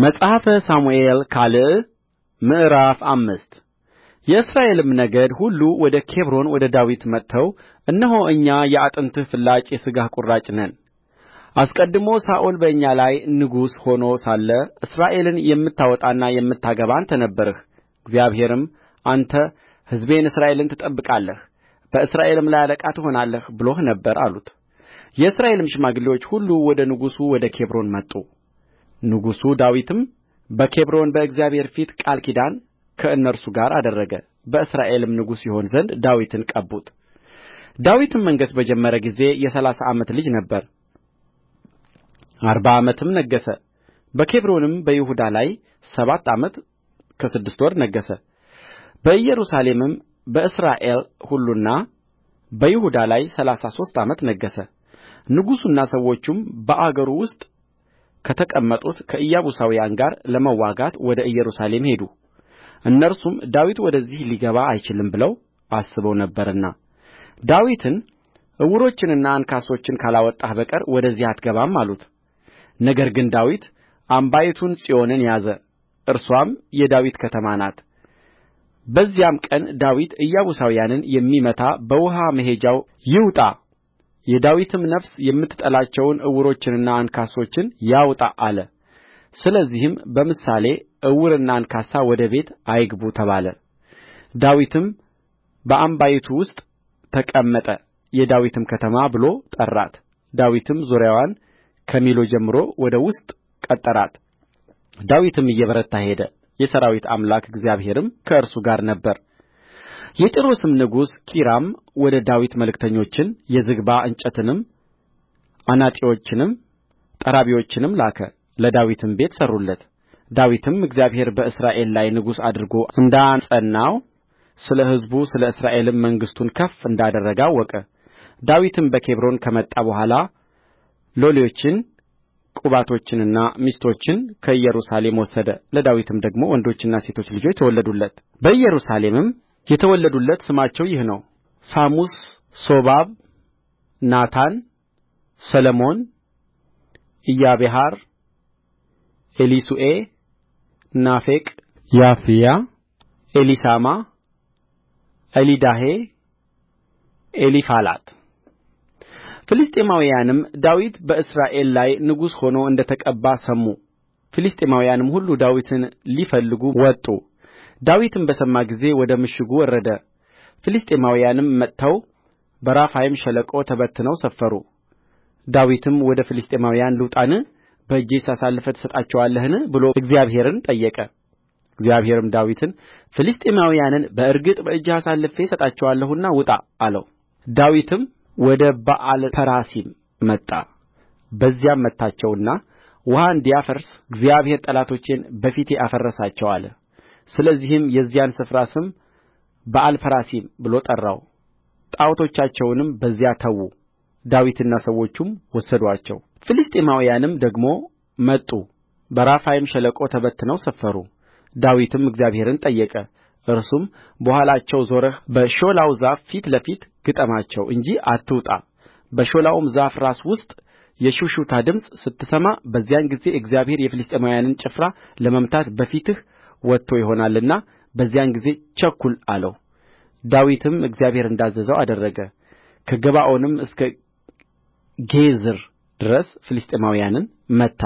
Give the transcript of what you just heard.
መጽሐፈ ሳሙኤል ካል ምዕራፍ አምስት የእስራኤልም ነገድ ሁሉ ወደ ኬብሮን ወደ ዳዊት መጥተው እነሆ እኛ የአጥንትህ ፍላጭ የሥጋህ ቍራጭ ነን አስቀድሞ ሳኦል በእኛ ላይ ንጉሥ ሆኖ ሳለ እስራኤልን የምታወጣና የምታገባ አንተ ነበርህ እግዚአብሔርም አንተ ሕዝቤን እስራኤልን ትጠብቃለህ በእስራኤልም ላይ አለቃ ትሆናለህ ብሎህ ነበር አሉት የእስራኤልም ሽማግሌዎች ሁሉ ወደ ንጉሡ ወደ ኬብሮን መጡ ንጉሡ ዳዊትም በኬብሮን በእግዚአብሔር ፊት ቃል ኪዳን ከእነርሱ ጋር አደረገ በእስራኤልም ንጉሥ ይሆን ዘንድ ዳዊትን ቀቡት ዳዊትም መንገሥ በጀመረ ጊዜ የሠላሳ ዓመት ልጅ ነበረ አርባ ዓመትም ነገሠ በኬብሮንም በይሁዳ ላይ ሰባት ዓመት ከስድስት ወር ነገሠ በኢየሩሳሌምም በእስራኤል ሁሉና በይሁዳ ላይ ሠላሳ ሦስት ዓመት ነገሠ ንጉሡና ሰዎቹም በአገሩ ውስጥ ከተቀመጡት ከኢያቡሳውያን ጋር ለመዋጋት ወደ ኢየሩሳሌም ሄዱ እነርሱም ዳዊት ወደዚህ ሊገባ አይችልም ብለው አስበው ነበርና ዳዊትን ዕውሮችንና አንካሶችን ካላወጣህ በቀር ወደዚህ አትገባም አሉት ነገር ግን ዳዊት አምባይቱን ጽዮንን ያዘ እርሷም የዳዊት ከተማ ናት በዚያም ቀን ዳዊት ኢያቡሳውያንን የሚመታ በውኃ መሄጃው ይውጣ የዳዊትም ነፍስ የምትጠላቸውን ዕውሮችንና አንካሶችን ያውጣ አለ ስለዚህም በምሳሌ ዕውርና አንካሳ ወደ ቤት አይግቡ ተባለ ዳዊትም በአምባይቱ ውስጥ ተቀመጠ የዳዊትም ከተማ ብሎ ጠራት ዳዊትም ዙሪያዋን ከሚሎ ጀምሮ ወደ ውስጥ ቀጠራት ዳዊትም እየበረታ ሄደ የሠራዊት አምላክ እግዚአብሔርም ከእርሱ ጋር ነበረ የጢሮስም ንጉሥ ኪራም ወደ ዳዊት መልእክተኞችን የዝግባ እንጨትንም አናጢዎችንም ጠራቢዎችንም ላከ ለዳዊትም ቤት ሠሩለት ዳዊትም እግዚአብሔር በእስራኤል ላይ ንጉሥ አድርጎ እንዳጸናው ስለ ሕዝቡ ስለ እስራኤልም መንግሥቱን ከፍ እንዳደረገ አወቀ ዳዊትም በኬብሮን ከመጣ በኋላ ሎሌዎችን ቁባቶችንና ሚስቶችን ከኢየሩሳሌም ወሰደ ለዳዊትም ደግሞ ወንዶችና ሴቶች ልጆች ተወለዱለት በኢየሩሳሌምም የተወለዱለት ስማቸው ይህ ነው ሳሙስ ሶባብ ናታን ሰሎሞን ኢያቤሐር ኤሊሱዔ ናፌቅ ያፍያ ኤሊሳማ ኤሊዳሄ ኤሊፋላት ፍልስጥኤማውያንም ዳዊት በእስራኤል ላይ ንጉሥ ሆኖ እንደ ተቀባ ሰሙ ፍልስጥኤማውያንም ሁሉ ዳዊትን ሊፈልጉ ወጡ ዳዊትም በሰማ ጊዜ ወደ ምሽጉ ወረደ ፍልስጥኤማውያንም መጥተው በራፋይም ሸለቆ ተበትነው ሰፈሩ ዳዊትም ወደ ፍልስጥኤማውያን ልውጣን በእጄስ አሳልፈህ ትሰጣቸዋለህን ብሎ እግዚአብሔርን ጠየቀ እግዚአብሔርም ዳዊትን ፍልስጥኤማውያንን በእርግጥ በእጅህ አሳልፌ እሰጣቸዋለሁና ውጣ አለው ዳዊትም ወደ በኣልፐራሲም መጣ በዚያም መታቸውና ውኃ እንዲያፈርስ እግዚአብሔር ጠላቶቼን በፊቴ አፈረሳቸው አለ ስለዚህም የዚያን ስፍራ ስም በአልፐራሲም ብሎ ጠራው ጣዖቶቻቸውንም በዚያ ተዉ ዳዊትና ሰዎቹም ወሰዱአቸው ፍልስጥኤማውያንም ደግሞ መጡ በራፋይም ሸለቆ ተበትነው ሰፈሩ ዳዊትም እግዚአብሔርን ጠየቀ እርሱም በኋላቸው ዞረህ በሾላው ዛፍ ፊት ለፊት ግጠማቸው እንጂ አትውጣ በሾላውም ዛፍ ራስ ውስጥ የሽውሽውታ ድምፅ ስትሰማ በዚያን ጊዜ እግዚአብሔር የፍልስጥኤማውያንን ጭፍራ ለመምታት በፊትህ ወጥቶ ይሆናልና በዚያን ጊዜ ቸኵል አለው ዳዊትም እግዚአብሔር እንዳዘዘው አደረገ ከገባዖንም እስከ ጌዝር ድረስ ፍልስጥኤማውያንን መታ